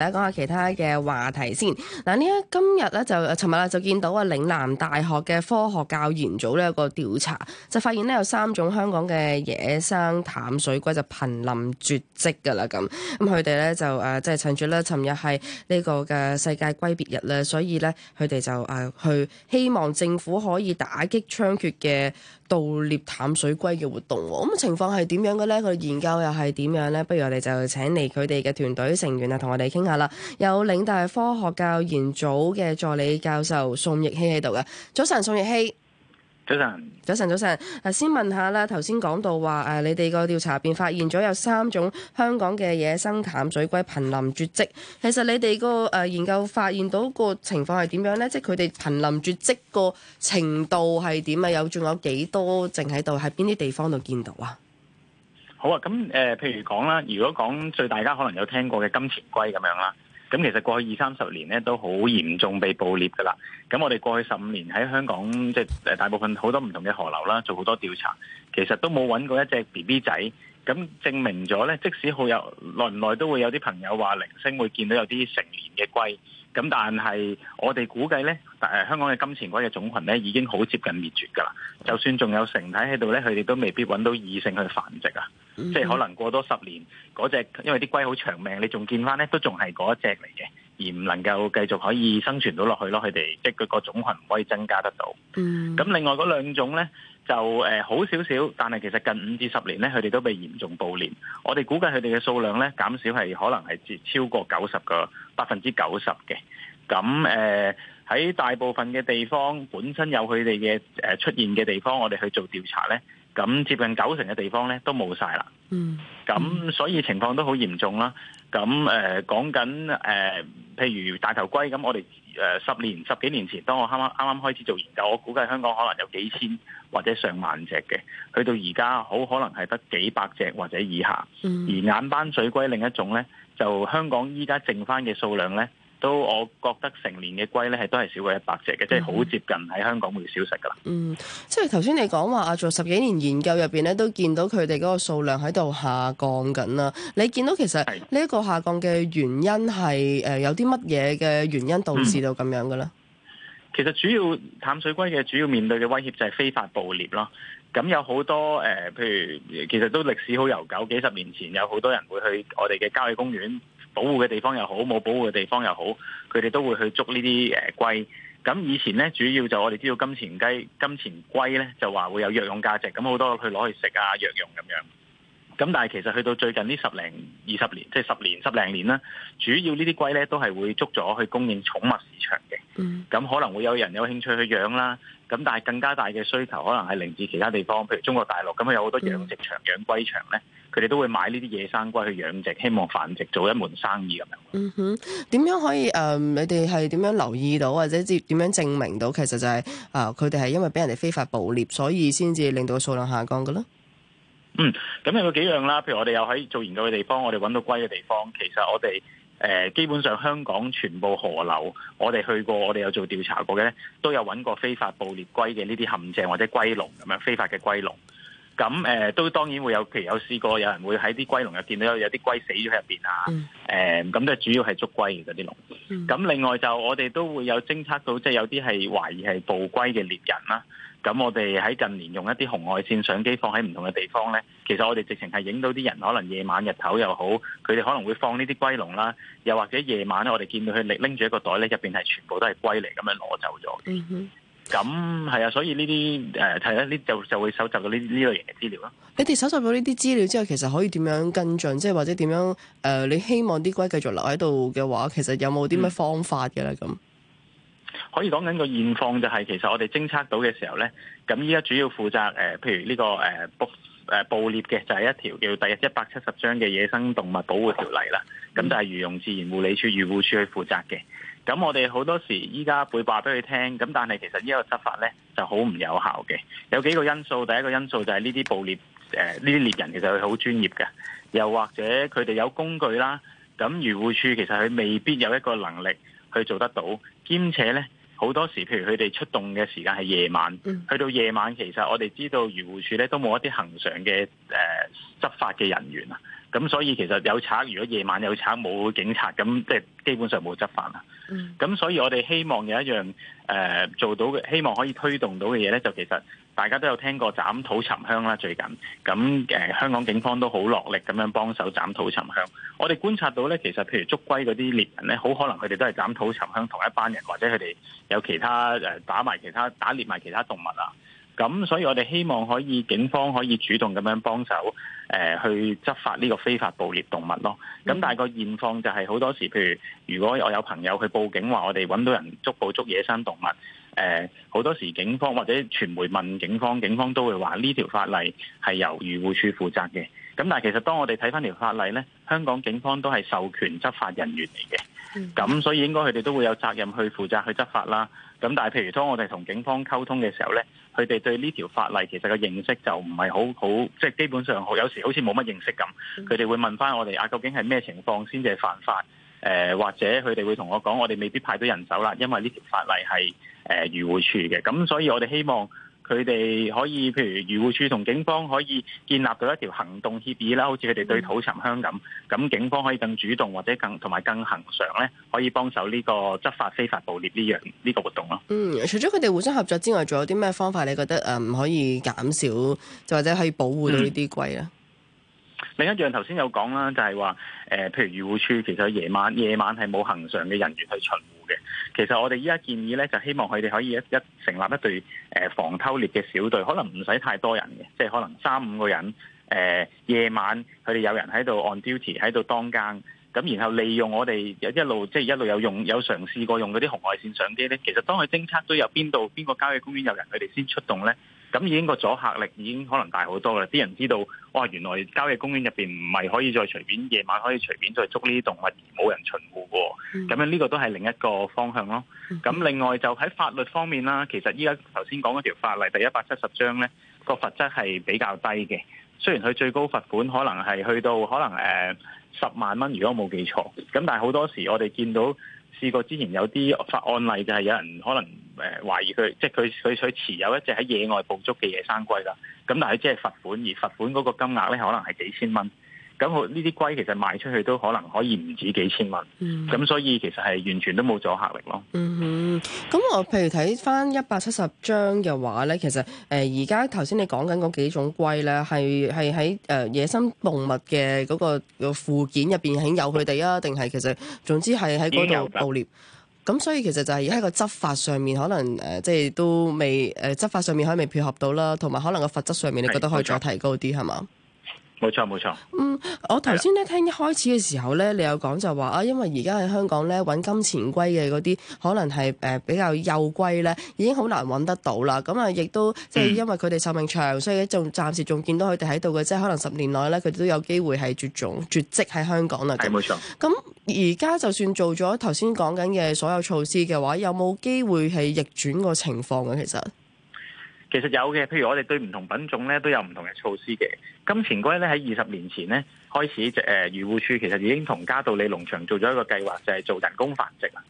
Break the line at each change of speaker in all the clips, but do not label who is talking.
嚟講下其他嘅話題先嗱，呢今日咧就，誒，尋日啊就見到啊嶺南大學嘅科學教研組呢，有個調查，就發現呢，有三種香港嘅野生淡水龜就瀕臨絕跡噶啦咁，咁佢哋咧就誒，即、呃、係、就是、趁住咧尋日係呢個嘅世界龜別日咧，所以咧佢哋就誒去、呃、希望政府可以打擊猖獗嘅盜獵淡水龜嘅活動。咁、嗯、嘅情況係點樣嘅咧？佢研究又係點樣咧？不如我哋就請嚟佢哋嘅團隊成員啊，同我哋傾下有嶺大科學教研組嘅助理教授宋亦希喺度嘅。早晨、嗯，宋亦希。
早、嗯、晨，嗯嗯
嗯、早晨，早晨。先問下啦，頭先講到話誒、啊，你哋個調查入邊，發現咗有三種香港嘅野生淡水龜瀕臨絕跡。其實你哋個誒研究發現到個情況係點樣呢？即係佢哋瀕臨絕跡個程度係點啊？有仲有幾多淨喺度？喺邊啲地方度見到啊？
好啊，咁誒、呃，譬如講啦，如果講最大家可能有聽過嘅金錢龜咁樣啦，咁其實過去二三十年咧都好嚴重被捕獵噶啦，咁我哋過去十五年喺香港即係誒大部分好多唔同嘅河流啦，做好多調查，其實都冇揾過一隻 BB 仔，咁證明咗咧，即使好有耐唔耐都會有啲朋友話零星會見到有啲成年嘅龜。咁但係我哋估計咧，但係香港嘅金錢龜嘅種群咧已經好接近滅絕㗎啦。就算仲有成體喺度咧，佢哋都未必揾到異性去繁殖啊。 即係可能過多十年嗰隻，因為啲龜好長命，你仲見翻咧都仲係嗰一隻嚟嘅。而唔能夠繼續可以生存到落去咯，佢哋即係佢個種群唔可以增加得到。嗯。咁另外嗰兩種咧就誒好少少，但係其實近五至十年咧，佢哋都被嚴重捕獵。我哋估計佢哋嘅數量咧減少係可能係超超過九十個百分之九十嘅。咁誒喺大部分嘅地方本身有佢哋嘅誒出現嘅地方，我哋去做調查咧，咁接近九成嘅地方咧都冇晒啦。嗯。咁所以情況都好嚴重啦。咁誒、呃、講緊誒。呃譬如大頭龜咁，我哋誒十年十幾年前，當我啱啱啱啱開始做研究，我估計香港可能有幾千或者上萬隻嘅，去到而家好可能係得幾百隻或者以下。而眼斑水龜另一種呢，就香港依家剩翻嘅數量呢。都，我覺得成年嘅龜咧，係都係少過一百隻嘅，即係好接近喺香港會消失噶啦。嗯，
即係頭先你講話啊，做十幾年研究入邊咧，都見到佢哋嗰個數量喺度下降緊啦。你見到其實呢一個下降嘅原因係誒是、呃、有啲乜嘢嘅原因導致到咁樣嘅咧、嗯？
其實主要淡水龜嘅主要面對嘅威脅就係非法捕獵咯。咁有好多誒、呃，譬如其實都歷史好悠久，幾十年前有好多人會去我哋嘅郊野公園。保護嘅地方又好，冇保護嘅地方又好，佢哋都會去捉呢啲誒龜。咁以前呢，主要就我哋知道金錢雞、金錢龜呢，就話會有藥用價值，咁好多去攞去食啊、藥用咁樣。咁但係其實去到最近呢十零二十年，即係十年十零年啦，主要呢啲龜咧都係會捉咗去供應寵物市場嘅。咁、嗯、可能會有人有興趣去養啦。咁但係更加大嘅需求，可能係嚟自其他地方，譬如中國大陸。咁佢有好多養殖場、嗯、養龜場咧，佢哋都會買呢啲野生龜去養殖，希望繁殖做一門生意咁樣。嗯哼，
點樣可以誒、呃、你哋係點樣留意到，或者點樣證明到其實就係、呃、啊、佢哋係因為俾人哋非法捕獵，所以先至令到數量下降嘅咯。嗯，
咁有幾樣啦，譬如我哋又喺做研究嘅地方，我哋揾到龜嘅地方，其實我哋誒、呃、基本上香港全部河流，我哋去過，我哋有做調查過嘅，都有揾過非法捕獵龜嘅呢啲陷阱或者龜籠咁樣非法嘅龜籠。咁誒、呃、都當然會有，其實有試過有人會喺啲龜籠入邊見到有啲龜死咗喺入邊啊。誒咁咧主要係捉龜嘅嗰啲籠。咁、嗯、另外就我哋都會有偵測到，即、就、係、是、有啲係懷疑係捕龜嘅獵人啦。咁我哋喺近年用一啲紅外線相機放喺唔同嘅地方咧，其實我哋直情係影到啲人，可能夜晚日頭又好，佢哋可能會放呢啲龜籠啦，又或者夜晚咧，我哋見到佢拎拎住一個袋咧，入邊係全部都係龜嚟咁樣攞走咗。嗯咁係啊，所以呢啲誒係啦，呢、呃、就就，就會搜集到呢呢類型嘅資料啦。
你哋搜集到呢啲資料之後，其實可以點樣跟進？即係或者點樣誒、呃？你希望啲龜繼續留喺度嘅話，其實有冇啲咩方法嘅咧？咁、mm？Hmm.
可以講緊個現況就係、是，其實我哋偵測到嘅時候呢。咁依家主要負責誒、呃，譬如呢、這個誒捕誒獵嘅就係一條叫第一百七十章嘅野生動物保護條例啦。咁就係漁農自然護理署漁護署去負責嘅。咁我哋好多時依家會話俾佢聽，咁但係其實呢個執法呢就好唔有效嘅。有幾個因素，第一個因素就係呢啲捕獵誒呢啲獵人其實佢好專業嘅，又或者佢哋有工具啦。咁漁護署其實佢未必有一個能力去做得到，兼且呢。好多時，譬如佢哋出動嘅時間係夜晚，嗯、去到夜晚，其實我哋知道漁護署咧都冇一啲恆常嘅誒執法嘅人員。啊。咁所以其實有賊，如果夜晚有賊冇警察，咁即係基本上冇執法啦。咁所以我哋希望有一樣誒、呃、做到嘅，希望可以推動到嘅嘢咧，就其實大家都有聽過斬土沉香啦。最近咁誒、呃、香港警方都好落力咁樣幫手斬土沉香。我哋觀察到咧，其實譬如捉龜嗰啲獵人咧，好可能佢哋都係斬土沉香同一班人，或者佢哋有其他誒、呃、打埋其他打獵埋其他動物啊。咁所以，我哋希望可以警方可以主動咁樣幫手，誒、呃、去執法呢個非法捕獵動物咯。咁、呃、但係個現況就係好多時，譬如如果我有朋友去報警話，我哋揾到人捉捕捉，捉野生動物，誒、呃，好多時警方或者傳媒問警方，警方都會話呢條法例係由漁護署負責嘅。咁但係其實當我哋睇翻條法例咧，香港警方都係授權執法人員嚟嘅。咁、嗯、所以應該佢哋都會有責任去負責去執法啦。咁但係譬如當我哋同警方溝通嘅時候呢，佢哋對呢條法例其實嘅認識就唔係好好，即係、就是、基本上好有時好似冇乜認識咁。佢哋、嗯、會問返我哋啊，究竟係咩情況先至係犯法？誒、呃、或者佢哋會同我講，我哋未必派到人手啦，因為呢條法例係誒漁護處嘅。咁所以我哋希望。佢哋可以，譬如漁護處同警方可以建立到一條行動協議啦，好似佢哋對土沉香咁，咁、嗯、警方可以更主動或者更同埋更恒常咧，可以幫手呢個執法非法捕獵呢樣呢個活動咯。
嗯，除咗佢哋互相合作之外，仲有啲咩方法？你覺得誒唔、嗯、可以減少，或者可以保護到鬼呢啲龜咧？
另一樣頭先有講啦，就係話誒，譬如漁護處其實夜晚夜晚係冇恒常嘅人員去巡其實我哋依家建議呢，就希望佢哋可以一一成立一隊誒防偷獵嘅小隊，可能唔使太多人嘅，即係可能三五個人。誒、呃，夜晚佢哋有人喺度 on duty，喺度當更，咁然後利用我哋一路即係、就是、一路有用有嘗試過用嗰啲紅外線相機呢。其實當佢偵測到有邊度邊個郊野公園有人，佢哋先出動呢。咁已經個阻嚇力已經可能大好多啦，啲人知道哇，原來郊野公園入邊唔係可以再隨便，夜晚可以隨便再捉呢啲動物，而冇人巡護喎。咁樣呢個都係另一個方向咯。咁另外就喺法律方面啦，其實依家頭先講嗰條法例第一百七十章呢個罰則係比較低嘅。雖然佢最高罰款可能係去到可能誒十萬蚊，如果我冇記錯，咁但係好多時我哋見到。試過之前有啲法案例就係有人可能誒懷疑佢，即係佢佢佢持有一隻喺野外捕捉嘅野生龜啦，咁但係佢只係罰款，而罰款嗰個金額咧可能係幾千蚊。咁我呢啲龜其實賣出去都可能可以唔止幾千蚊，咁、嗯嗯、所以其實係完全都冇阻嚇力
咯。嗯哼，咁我譬如睇翻一百七十章嘅話咧，其實誒而家頭先你講緊嗰幾種龜咧，係係喺誒野生動物嘅嗰個個附件入邊係有佢哋啊，定係其實總之係喺嗰度捕獵。咁所以其實就係喺個執法上面，可能誒即係都未誒執法上面可能未、呃、配合到啦，同埋可能個罰則上面，你覺得可以再提高啲係嘛？的
冇錯
冇錯。錯嗯，我頭先咧聽一開始嘅時候咧，你有講就話啊，因為而家喺香港咧揾金錢龜嘅嗰啲，可能係誒比較幼龜咧，已經好難揾得到啦。咁啊，亦都即係因為佢哋壽命長，嗯、所以仲暫時仲見到佢哋喺度嘅，即係可能十年內咧，佢哋都有機會係絕種絕跡喺香港啦。係冇錯。咁而家就算做咗頭先講緊嘅所有措施嘅話，有冇機會係逆轉個情況嘅其實？
其實有嘅，譬如我哋對唔同品種咧都有唔同嘅措施嘅。金錢龜咧喺二十年前咧開始就誒漁護署其實已經同嘉道理農場做咗一個計劃，就係做人工繁殖啦。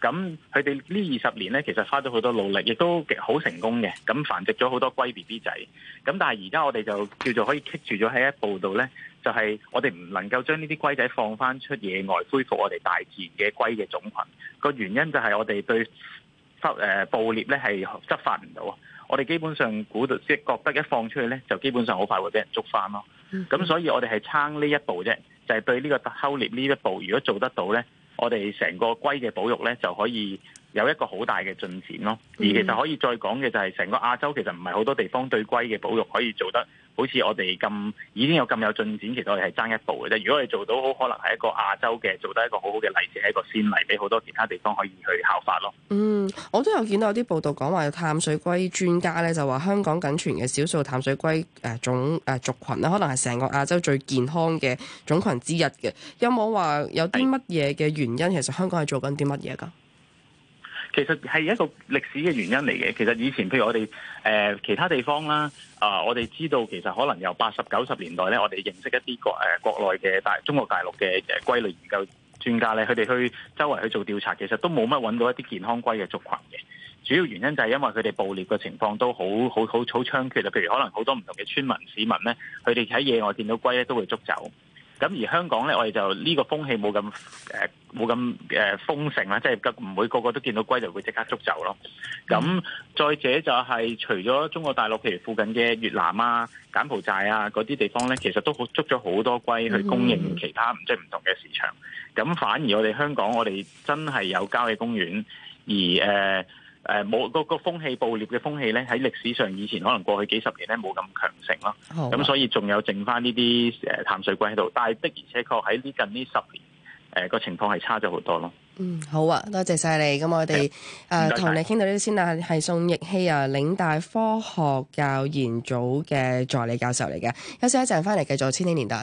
咁佢哋呢二十年咧其實花咗好多努力，亦都好成功嘅。咁繁殖咗好多龜 B B 仔。咁但係而家我哋就叫做可以 keep 住咗喺一步度咧，就係我哋唔能夠將呢啲龜仔放翻出野外，恢復我哋大自然嘅龜嘅種群。個原因就係我哋對執誒捕獵咧係執法唔到。我哋基本上估到，即係覺得一放出嚟咧，就基本上好快會俾人捉翻咯。咁 所以我哋係撐呢一步啫，就係、是、對呢個偷獵呢一步，如果做得到咧，我哋成個龜嘅保育咧就可以有一個好大嘅進展咯。而其實可以再講嘅就係、是，成個亞洲其實唔係好多地方對龜嘅保育可以做得。好似我哋咁已經有咁有進展，其實我哋係爭一步嘅啫。如果你做到，好可能係一個亞洲嘅做得一個好好嘅例子，係一個先例俾好多其他地方可以去效法咯。嗯，
我都有見到有啲報道講話，有淡水龜專家咧就話香港僅存嘅少數淡水龜誒、呃、種誒、呃、族群咧，可能係成個亞洲最健康嘅種群之一嘅。有冇話有啲乜嘢嘅原因？是其實香港係做緊啲乜嘢㗎？
其實係一個歷史嘅原因嚟嘅。其實以前譬如我哋誒、呃、其他地方啦，啊、呃，我哋知道其實可能由八十九十年代咧，我哋認識一啲國誒、呃、國內嘅大中國大陸嘅龜類研究專家咧，佢哋去周圍去做調查，其實都冇乜揾到一啲健康龜嘅族群嘅。主要原因就係因為佢哋捕獵嘅情況都好好好好猖獗啦。譬如可能好多唔同嘅村民市民咧，佢哋喺野外見到龜咧都會捉走。咁而香港呢，我哋就呢個風氣冇咁誒，冇咁誒豐盛啦，即係唔會個個都見到龜就會即刻捉走咯。咁再者就係、是、除咗中國大陸，譬如附近嘅越南啊、柬埔寨啊嗰啲地方呢，其實都好捉咗好多龜去供應其他唔知唔同嘅市場。咁反而我哋香港，我哋真係有郊野公園，而誒。呃誒冇、呃、個個風氣暴裂嘅風氣咧，喺歷史上以前可能過去幾十年咧冇咁強盛咯，咁、啊嗯、所以仲有剩翻呢啲誒淡水龜喺度，但係的而且確喺呢近呢十年誒個、呃、情況係差咗好多咯。嗯，
好啊，多謝晒你。咁我哋誒同你傾到呢啲先啦。係宋亦希啊，嶺大科學教研組嘅助理教授嚟嘅。休息一陣翻嚟繼續《千禧年代》。